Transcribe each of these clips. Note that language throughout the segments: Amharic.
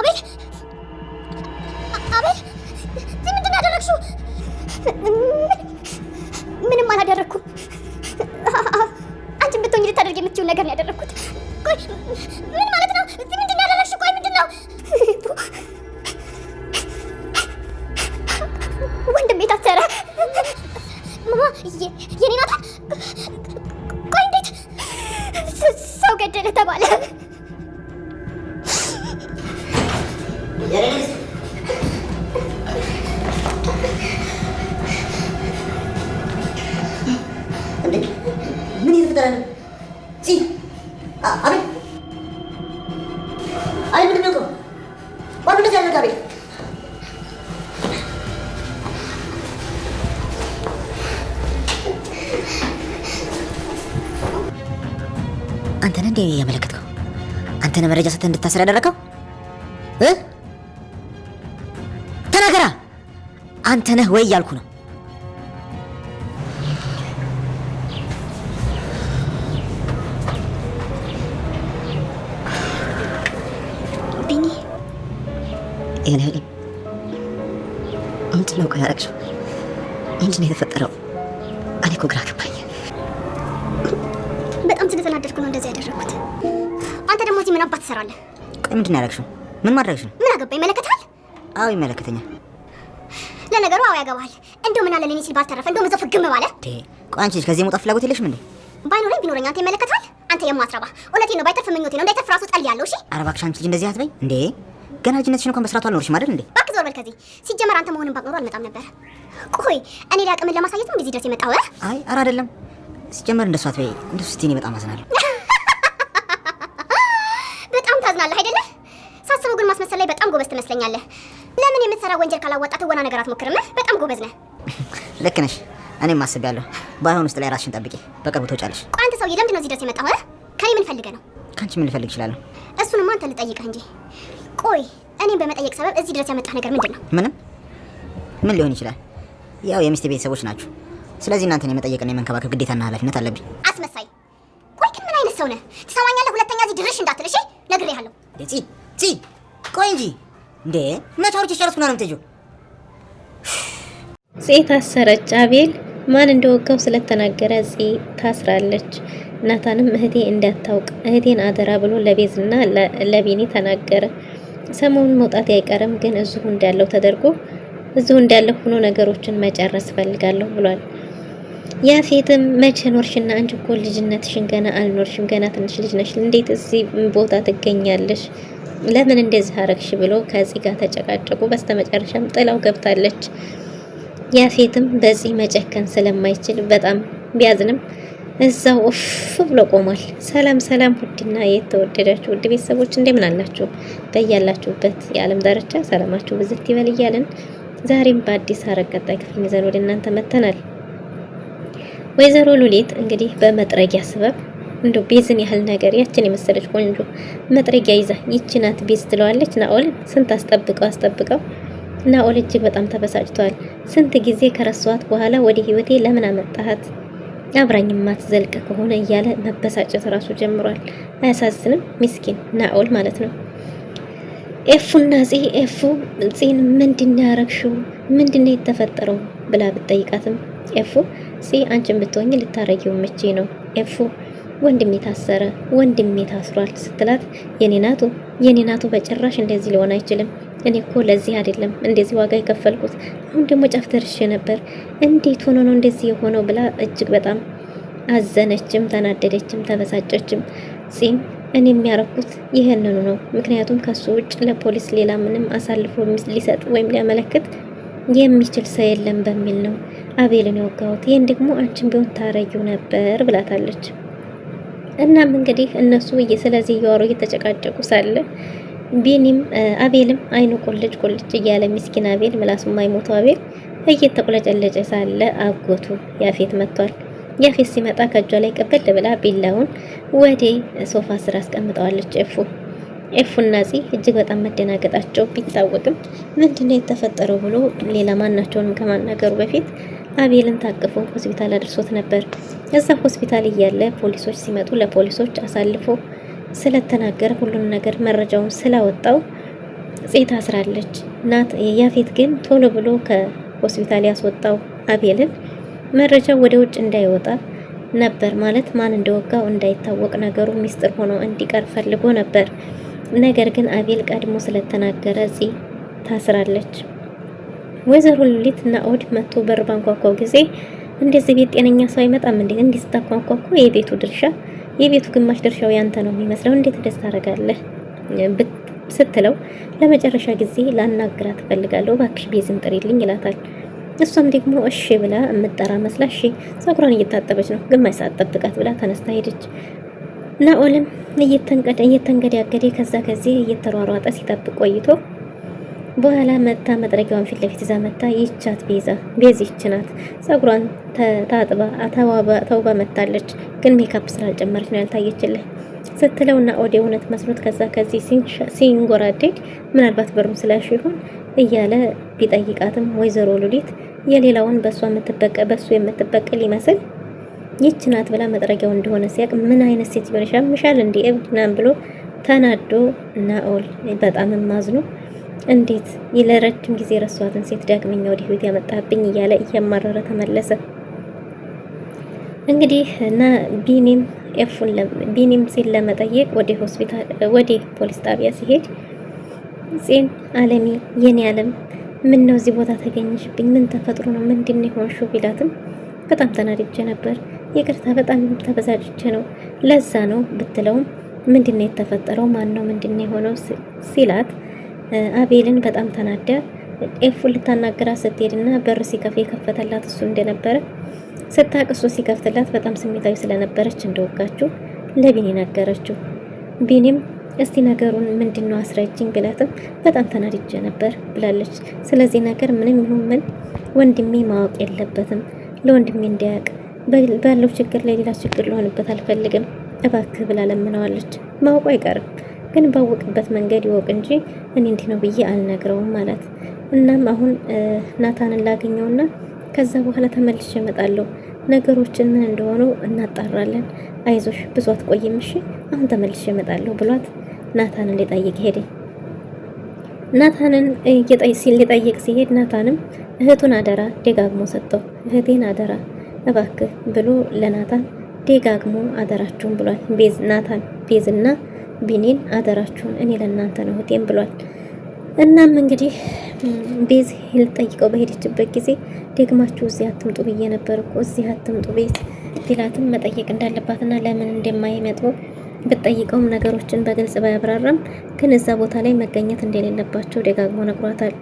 አቤል አቤል፣ ምንድን ያደረግሽው? ምንም አላደረግኩም። አንቺም ብትሆኝ ልታደርግ የምትችው ነገር ነው ያደረግኩት። ቆይ ምን ማለት ነው? ምንድን ያደረግሽ? ቆይ ምንድን ነው? ወንድሜ ታሰረ። ማማ የኔ ቆይ እንዴት ሰው ገደለ ተባለ? ነገር አንተን እንዴ ያመለከትከው? አንተን መረጃ ሰተህ እንድታስር ያደረከው ተናገራ። አንተ ነህ ወይ እያልኩ ነው። ይሄን ያህል ምንድን ነው ያረግሽው? ምንድን ነው የተፈጠረው? እኔ እኮ ግራ ገባኝ። በጣም ስለተናደድኩ ነው እንደዚህ ያደረግኩት። አንተ ደግሞ እዚህ ምን አባት ትሰራለህ? ቆይ ምንድን ነው ያረግሽው? ምን ማድረግሽ ነው? ምን አገባ? ይመለከታል? አዎ ይመለከተኛል። ለነገሩ አዎ ያገባሃል። እንደው ምን አለ ለኔ ሲል ባልተረፈ እንደው መዘፍ ግም ባለ ቆይ አንቺ ከዚህ የመውጣት ፍላጎት የለሽም እንዴ? ባይኖረኝ ቢኖረኝ አንተ ይመለከታል? አንተ የማትረባ እውነቴን ነው። ባይተርፍ ምኞቴ ነው። እንዳይተርፍ ራሱ ጠል ያለው። እሺ ኧረ አንቺ ልጅ እንደዚህ አትበይ እንዴ ገና ልጅነትሽን እንኳን በስርዓቱ አልኖርሽም አይደል እንዴ? እባክህ ዞር በል ከዚህ። ሲጀመር አንተ መሆንን ባትኖሩ አልመጣም ነበር። ቆይ እኔ ሊያቅምን ለማሳየት እንደዚህ ድረስ የመጣው? አይ ኧረ አይደለም። ሲጀመር እንደሱ አትበይ። እንደሱ ስትይ እኔ በጣም አዝናለሁ። በጣም ታዝናለህ አይደለ? ሳስበው ግን ማስመሰል ላይ በጣም ጎበዝ ትመስለኛለህ። ለምን የምትሰራ ወንጀል ካላዋጣ ትወና ነገር አትሞክርም? በጣም ጎበዝ ነህ። ልክ ነሽ። እኔም አስቤያለሁ። ባይሆን ውስጥ ላይ ራስሽን ጠብቂ፣ በቅርቡ ትወጫለሽ። ቆይ አንተ ሰውዬ ለምንድን ነው እዚህ ድረስ የመጣው? ከኔ ምን ፈልገህ ነው? ከአንቺ ምን ልፈልግ እችላለሁ? እሱንማ አንተ ልጠይቅህ እንጂ ቆይ እኔም በመጠየቅ ሰበብ እዚህ ድረስ ያመጣህ ነገር ምንድን ነው? ምንም። ምን ሊሆን ይችላል? ያው የሚስት ቤተሰቦች ናችሁ። ስለዚህ እናንተን የመጠየቅና የመንከባከብ ግዴታና ኃላፊነት አለብኝ። አስመሳይ! ቆይ ግን ምን አይነት ሰው ነህ? ትሰማኛለህ? ሁለተኛ እዚህ ድርሽ እንዳትል እሺ? ነግሬሃለሁ። ጺ ጺ ቆይ እንጂ እንዴ! መቼ አውርቼ ጨረስኩና ነው የምትሄጂው? ጺ ታሰረች። አቤል ማን እንደወጋው ስለተናገረ ጺ ታስራለች። ናታንም እህቴ እንዳታውቅ እህቴን አደራ ብሎ ለቤዝና ለቢኒ ተናገረ። ሰሞኑን መውጣት አይቀርም ግን እዚሁ እንዳለው ተደርጎ እዚሁ እንዳለው ሆኖ ነገሮችን መጨረስ ፈልጋለሁ ብሏል። ያፌትም መቼ ኖርሽና አንቺ እኮ ልጅነትሽን ገና አልኖርሽም፣ ገና ትንሽ ልጅ ነሽ፣ እንዴት እዚህ ቦታ ትገኛለሽ? ለምን እንደዚህ አረግሽ? ብሎ ከዚህ ጋር ተጨቃጨቁ። በስተመጨረሻም ጥላው ገብታለች። ያፌትም በዚህ መጨከን ስለማይችል በጣም ቢያዝንም እዛው ኡፍ ብሎ ቆሟል። ሰላም ሰላም! ውድና የተወደዳችሁ ውድ ቤተሰቦች እንደምን አላችሁ? በያላችሁበት የዓለም ዳርቻ ሰላማችሁ ብዝት ይበል እያልን ዛሬም በአዲስ ሐረግ ቀጣይ ክፍል ይዘን ወደ እናንተ መጥተናል። ወይዘሮ ሉሊት እንግዲህ በመጥረጊያ ሰበብ እንዶ ቤዝን ያህል ነገር ያችን የመሰለች ቆንጆ መጥረጊያ ይዛ ይቺ ናት ቤዝ ትለዋለች። ናኦልን ስንት አስጠብቀው አስጠብቀው ናኦል እጅግ በጣም ተበሳጭቷል። ስንት ጊዜ ከረሷት በኋላ ወደ ህይወቴ ለምን አመጣሃት አብራኝ ማትዘልቅ ከሆነ እያለ መበሳጨት ራሱ ጀምሯል። አያሳዝንም? ሚስኪን ናኦል ማለት ነው። ኤፉና ፂ ኤፉ ጽን ምንድን ያረግሽው? ምንድን የተፈጠረው ብላ ብጠይቃትም? ኤፉ ፂ አንቺን ብትሆኝ ልታረጊው ምቼ ነው ኤፉ ወንድሜ ታሰረ፣ ወንድሜ ታስሯል ስትላት የኔናቱ የኔናቱ በጭራሽ እንደዚህ ሊሆን አይችልም እኔ እኮ ለዚህ አይደለም እንደዚህ ዋጋ የከፈልኩት። አሁን ደግሞ ጫፍ ደርሼ ነበር። እንዴት ሆኖ ነው እንደዚህ የሆነው ብላ እጅግ በጣም አዘነችም፣ ተናደደችም፣ ተበሳጨችም። ጺም እኔ የሚያረኩት ይህንኑ ነው። ምክንያቱም ከሱ ውጭ ለፖሊስ ሌላ ምንም አሳልፎ ሊሰጥ ወይም ሊያመለክት የሚችል ሰው የለም በሚል ነው አቤልን የወጋሁት። ይህን ደግሞ አንቺን ቢሆን ታረጊው ነበር ብላታለች። እናም እንግዲህ እነሱ ስለዚህ እየዋሩ እየተጨቃጨቁ ሳለ ቢኒም አቤልም አይኑ ቁልጭ ቁልጭ እያለ ሚስኪን አቤል ምላሱ የማይሞተው አቤል እየተቆለጨለጨ ሳለ አጎቱ ያፌት መጥቷል። ያፌት ሲመጣ ከእጇ ላይ ቀበል ብላ ቢላውን ወዴ ሶፋ ስር አስቀምጠዋለች። ኤፉ ኤፉና ፂ እጅግ በጣም መደናገጣቸው ቢታወቅም ምንድነው የተፈጠረው ብሎ ሌላ ማናቸውንም ከማናገሩ በፊት አቤልን ታቅፎ ሆስፒታል አድርሶት ነበር። እዛ ሆስፒታል እያለ ፖሊሶች ሲመጡ ለፖሊሶች አሳልፎ ስለተናገረ ሁሉን ነገር መረጃውን ስላወጣው ጽ ታስራለች። ናት ያፌት ግን ቶሎ ብሎ ከሆስፒታል ያስወጣው አቤልን መረጃው ወደ ውጭ እንዳይወጣ ነበር ማለት ማን እንደወጋው እንዳይታወቅ ነገሩ ሚስጥር ሆኖ እንዲቀር ፈልጎ ነበር። ነገር ግን አቤል ቀድሞ ስለተናገረ ጽ ታስራለች። ወይዘሮ ሉሊት ኦድ መጥቶ በር ባንኳኳው ጊዜ እንደዚህ ቤት ጤነኛ ሰው አይመጣም እንዴ? እንዲህ ስታንኳኳ እኮ የቤቱ ድርሻ የቤቱ ግማሽ ድርሻው ያንተ ነው የሚመስለው፣ እንዴት ደስ ታደርጋለህ ስትለው ለመጨረሻ ጊዜ ላናግራት እፈልጋለሁ እባክሽ ቤዝን ጥሪልኝ ይላታል። እሷም ደግሞ እሺ ብላ የምጠራ መስላ እሺ ፀጉሯን እየታጠበች ነው፣ ግማሽ ሰዓት ጠብቃት ብላ ተነስታ ሄደች። ናኦልም እየተንገደ ያገደ ከዛ ከዚህ እየተሯሯጠ ሲጠብቅ ቆይቶ በኋላ መጣ መጥረጊያዋን ፊት ለፊት ይዛ መታ ይቻት ቤዛ ቤዚ ይችናት ጸጉሯን ታጥባ ተውባ መታለች፣ ግን ሜካፕ ስላልጨመረች ነው ያልታየችልህ ስትለውና ኦዲ እውነት መስሎት ከዛ ከዚህ ሲንጎራዴድ ምናልባት በሩን ስለሽ ይሆን እያለ ቢጠይቃትም ወይዘሮ ሉሊት የሌላውን በእሷ የምትበቀ በእሱ የምትበቀል ይመስል ይች ናት ብላ መጥረጊያው እንደሆነ ሲያቅ ምን አይነት ሴት ሊሆን ይችላል ምሻል እንዲ ብናም ብሎ ተናዶ ናኦል በጣም ማዝኑ እንዴት ለረጅም ጊዜ ረሷትን ሴት ዳግመኛ ወደ ህይወት ያመጣብኝ እያለ እያማረረ ተመለሰ። እንግዲህ እና ቢኒም ኤፉን ቢኒም ሲል ለመጠየቅ ወደ ሆስፒታል ወደ ፖሊስ ጣቢያ ሲሄድ ጽን አለሚ የኔ አለም ምን ነው እዚህ ቦታ ተገኘሽብኝ? ምን ተፈጥሮ ነው? ምንድን ነው የሆንሽው? ቢላትም በጣም ተናድጄ ነበር፣ ይቅርታ በጣም ተበሳጭቼ ነው፣ ለዛ ነው ብትለውም ምንድን ነው የተፈጠረው? ማን ነው ምንድን ነው የሆነው ሲላት አቤልን በጣም ተናደ ኤፉ ልታናገራ ስትሄድ በር ሲከፍ የከፈተላት እሱ እንደነበረ ስታቅ እሱ ሲከፍትላት በጣም ስሜታዊ ስለነበረች እንደወጋችው ለቢኒ ነገረችው። ቢኒም እስቲ ነገሩን ምንድነው አስረጅኝ ብላትም በጣም ተናድጄ ነበር ብላለች። ስለዚህ ነገር ምንም ይሁን ምን ወንድሜ ማወቅ የለበትም። ለወንድሜ እንዲያውቅ ባለው ችግር ላይ ሌላ ችግር ልሆንበት አልፈልግም እባክህ ብላ ለምነዋለች። ማወቁ አይቀርም ግን ባወቅበት መንገድ ይወቅ እንጂ እኔ እንዲህ ነው ብዬ አልነግረውም ማለት። እናም አሁን ናታንን ላገኘውና ከዛ በኋላ ተመልሼ እመጣለሁ። ነገሮችን ምን እንደሆኑ እናጣራለን። አይዞሽ ብዙ አትቆይም እሺ፣ አሁን ተመልሼ እመጣለሁ ብሏት ናታንን ሊጠይቅ ሄደ። ናታንን ሊጠይቅ ሲሄድ ናታንም እህቱን አደራ ደጋግሞ ሰጠው። እህቴን አደራ እባክህ ብሎ ለናታን ደጋግሞ አደራችሁን ብሏል። ቤዝ ናታን ቤዝና ቢኒን አደራችሁን እኔ ለእናንተ ነው እህቴም ብሏል። እናም እንግዲህ ቤዝ ልጠይቀው በሄደችበት ጊዜ ደግማችሁ እዚህ አትምጡ ብዬ ነበር እኮ እዚህ አትምጡ ቤት ቢላትም መጠየቅ እንዳለባትና ለምን እንደማይመጥበው ብትጠይቀውም ነገሮችን በግልጽ ባያብራራም ግን እዛ ቦታ ላይ መገኘት እንደሌለባቸው ደጋግሞ ነግሯታል።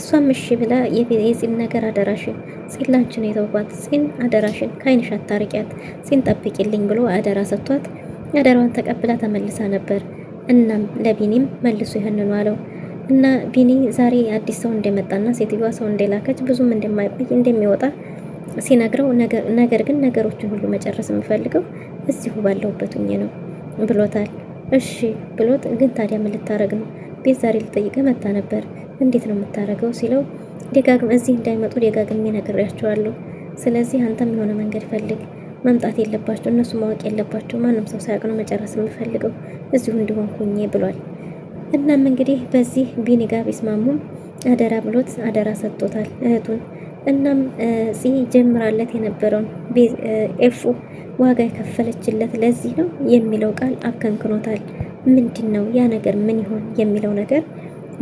እሷም እሺ ብላ የፂን ነገር አደራሽን ፂን ላንቺ ነው የተውኳት ፂን አደራሽን ከአይንሽ አታርቂያት ፂን ጠብቂልኝ ብሎ አደራ ሰጥቷት አደራዋን ተቀብላ ተመልሳ ነበር። እናም ለቢኒም መልሶ ይህንኑ አለው እና ቢኒ ዛሬ አዲስ ሰው እንደመጣና ሴትዮዋ ሰው እንደላከች ብዙም እንደማይቆይ እንደሚወጣ ሲነግረው ነገር ግን ነገሮችን ሁሉ መጨረስ የምፈልገው እዚሁ ባለሁበት ሁኜ ነው ብሎታል። እሺ ብሎት ግን ታዲያ ምን ልታረግ ነው? ቤት ዛሬ ልጠይቀ መታ ነበር። እንዴት ነው የምታረገው ሲለው ደጋግም እዚህ እንዳይመጡ ደጋግሜ ነግሬያቸዋለሁ። ስለዚህ አንተም የሆነ መንገድ ፈልግ መምጣት የለባቸው እነሱ ማወቅ የለባቸው ማንም ሰው ሳያውቅ ነው መጨረስ የምፈልገው እዚሁ እንዲሆን ሆኜ ብሏል። እናም እንግዲህ በዚህ ቢኒ ጋር ቢስማሙም አደራ ብሎት አደራ ሰጥቶታል እህቱን። እናም ፂ ጀምራለት የነበረውን ኤፉ ዋጋ የከፈለችለት ለዚህ ነው የሚለው ቃል አከንክኖታል። ምንድን ነው ያ ነገር ምን ይሆን የሚለው ነገር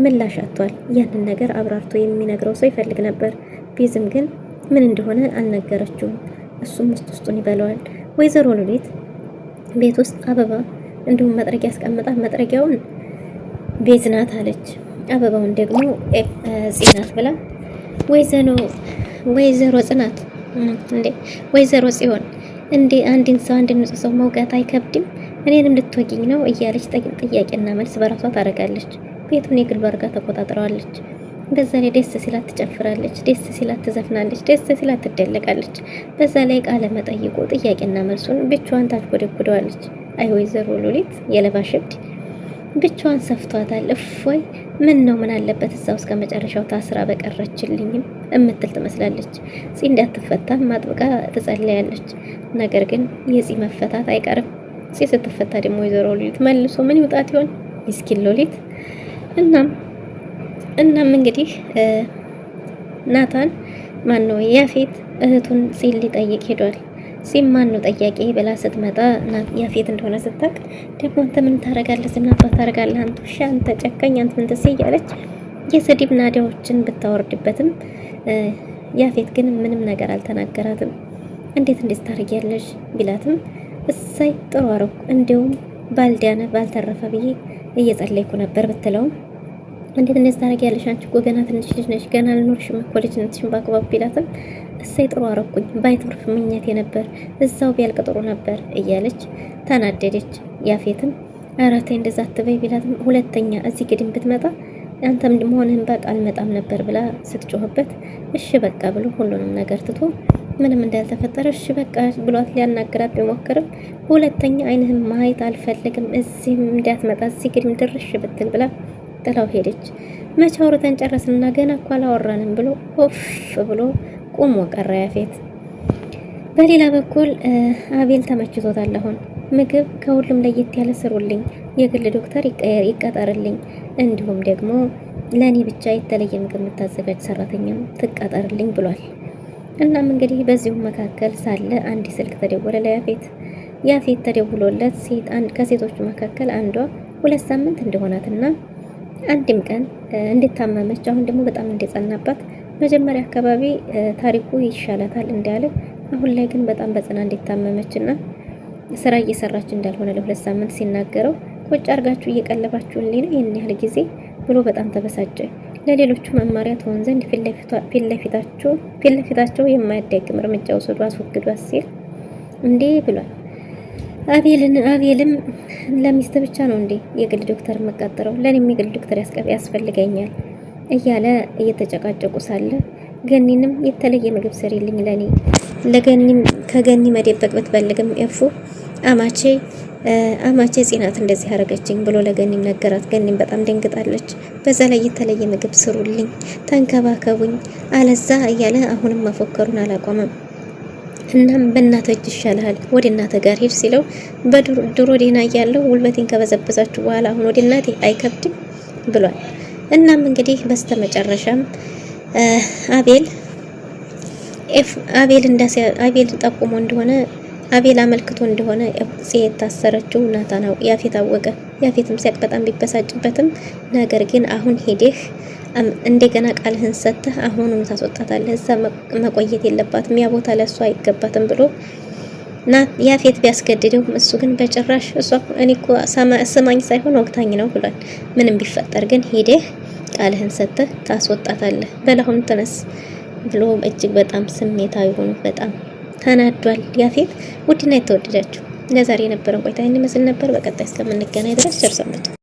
ምላሽ አጥቷል። ያንን ነገር አብራርቶ የሚነግረው ሰው ይፈልግ ነበር። ቢዝም ግን ምን እንደሆነ አልነገረችውም። እሱም ውስጥ ውስጡን ይበላዋል። ወይዘሮ ሉሊት ቤት ውስጥ አበባ እንዲሁም መጥረጊያ ያስቀምጣ። መጥረጊያውን ቤት ናት አለች፣ አበባውን ደግሞ ጽናት ብላ ወይዘሮ ወይዘሮ ጽናት እንዴ ወይዘሮ ጽዮን እንዴ አንድን ሰው አንድን ንጹህ ሰው መውጋት አይከብድም? እኔንም ልትወጊኝ ነው እያለች ጥያቄና መልስ በራሷ ታደርጋለች። ቤቱን የግሏ አድርጋ ተቆጣጥረዋለች። በዛ ላይ ደስ ሲላት ትጨፍራለች፣ ደስ ሲላት ትዘፍናለች፣ ደስ ሲላት ትደለቃለች። በዛ ላይ ቃለ መጠይቁ ጥያቄና መልሱን ብቻዋን ታጎደጉደዋለች። አይ ወይዘሮ ሉሊት የለባሽ እብድ ብቻዋን ሰፍቷታል። እፎይ ምን ነው ምን አለበት እዛው እስከ መጨረሻው ታስራ በቀረችልኝም እምትል ትመስላለች። ፂ እንዳትፈታ ማጥብቃ ትጸለያለች። ነገር ግን የፂ መፈታት አይቀርም። ፂ ስትፈታ ደግሞ ወይዘሮ ሉሊት መልሶ ምን ይውጣት ይሆን? ምስኪን ሉሊት እናም እናም እንግዲህ ናታን ማን ነው ያፌት እህቱን ሲል ሊጠይቅ ሄዷል። ሲም ማን ነው ጠያቂ ብላ ስትመጣ ያፌት እንደሆነ ስታቅ ደግሞ አንተ ምን ታረጋለህ? ዝናባ ታረጋለህ? አንተ ውሻ፣ አንተ ጨካኝ፣ አንተ ምን ትሰይ እያለች የስድብ ናዳዎችን ብታወርድበትም ያፌት ግን ምንም ነገር አልተናገራትም። እንዴት እንዴት ታረጊያለሽ ቢላትም እሳይ ጥሩ አረኩ፣ እንዲሁም ባልዳነ ባልተረፈ ብዬ እየጸለይኩ ነበር ብትለውም እንዴት እንደዚህ ታደርጊያለሽ? አንቺ እኮ ገና ትንሽ ልጅ ነሽ፣ ገና አልኖርሽም እኮ ልጅነትሽን በአግባቡ ቢላትም እሰይ ጥሩ አረኩኝ፣ ባይተርፍ ምኞቴ ነበር፣ እዛው ቢያልቅ ጥሩ ነበር እያለች ተናደደች። ያፌትም ኧረ ተይ እንደዛ አትበይ ቢላትም ሁለተኛ እዚህ ግድም ብትመጣ አንተም መሆንህን በቃ አልመጣም ነበር ብላ ስትጮህበት እሺ በቃ ብሎ ሁሉንም ነገር ትቶ ምንም እንዳልተፈጠረ እሺ በቃ ብሏት ሊያናግራት ቢሞክርም ሁለተኛ ዓይንህም ማየት አልፈልግም እዚህም እንዳትመጣ እዚህ ግድም ድርሽ ብትል ብላ ጥለው ሄደች። መቼ አውርተን ጨረስንና ገና እኮ አላወራንም ብሎ ኦፍ ብሎ ቁሞ ቀረ ያፌት። በሌላ በኩል አቤል ተመችቶታል። አሁን ምግብ ከሁሉም ለየት ያለ ስሩልኝ፣ የግል ዶክተር ይቀጠርልኝ፣ እንዲሁም ደግሞ ለእኔ ብቻ የተለየ ምግብ የምታዘጋጅ ሰራተኛም ትቀጠርልኝ ብሏል። እናም እንግዲህ በዚሁም መካከል ሳለ አንድ ስልክ ተደወለ ለያፌት። ያፌት ተደውሎለት ሴት ከሴቶቹ መካከል አንዷ ሁለት ሳምንት እንደሆናትና አንድም ቀን እንድታመመች አሁን ደግሞ በጣም እንደጸናባት መጀመሪያ አካባቢ ታሪኩ ይሻላታል እንዳለ አሁን ላይ ግን በጣም በጽና እንደታመመች እና ስራ እየሰራች እንዳልሆነ ለሁለት ሳምንት ሲናገረው ቁጭ አርጋችሁ እየቀለባችሁልኝ ነው ይህን ያህል ጊዜ ብሎ በጣም ተበሳጨ። ለሌሎቹ መማሪያ ትሆን ዘንድ ፊት ለፊታቸው የማያዳግም እርምጃ ውሰዱ፣ አስወግዷት ሲል እንዴ ብሏል። አቤልን አቤልም ለሚስት ብቻ ነው እንዴ የግል ዶክተር መቀጠረው? ለኔም የግል ዶክተር ያስፈልገኛል እያለ እየተጨቃጨቁ ሳለ ገኒንም የተለየ ምግብ ስሪልኝ ለኔ ለገኒም ከገኒ መደበቅ ብትፈልግም እፉ አማቼ አማቼ ጽናት እንደዚህ አረገችኝ ብሎ ለገኒም ነገራት። ገኒም በጣም ደንግጣለች። በዛ ላይ የተለየ ምግብ ስሩልኝ፣ ተንከባከቡኝ አለዛ እያለ አሁንም መፎከሩን አላቆመም። እናም በእናተች ይሻልሃል ወደ እናተ ጋር ሄድ ሲለው በድሮ ደህና እያለሁ ውልበቴን ከበዘበዛችሁ በኋላ አሁን ወደ እናቴ አይከብድም ብሏል። እናም እንግዲህ በስተመጨረሻም አቤል አቤል እንዳስ አቤል ጠቁሞ እንደሆነ አቤል አመልክቶ እንደሆነ ኤፍሲ የታሰረችው ናታናው ያፌት አወቀ። ያፌትም ሲያቅ በጣም ቢበሳጭበትም ነገር ግን አሁን ሄደህ እንደገና ቃልህን ሰጥተህ አሁንም ታስወጣታለህ። እዛ መቆየት የለባትም ያ ቦታ ለእሷ አይገባትም ብሎ ና ያፌት ቢያስገድደው እሱ ግን በጭራሽ እሷ እኔ እኮ ስማኝ ሳይሆን ወግታኝ ነው ብሏል። ምንም ቢፈጠር ግን ሄደህ ቃልህን ሰጥተህ ታስወጣታለህ። በላሁን ተነስ ብሎ እጅግ በጣም ስሜታዊ ሆኖ በጣም ተናዷል ያፌት። ውድና የተወደዳችሁ ለዛሬ የነበረን ቆይታ ይህን ይመስል ነበር። በቀጣይ እስከምንገናኝ ድረስ ቸር ሰንብቱ።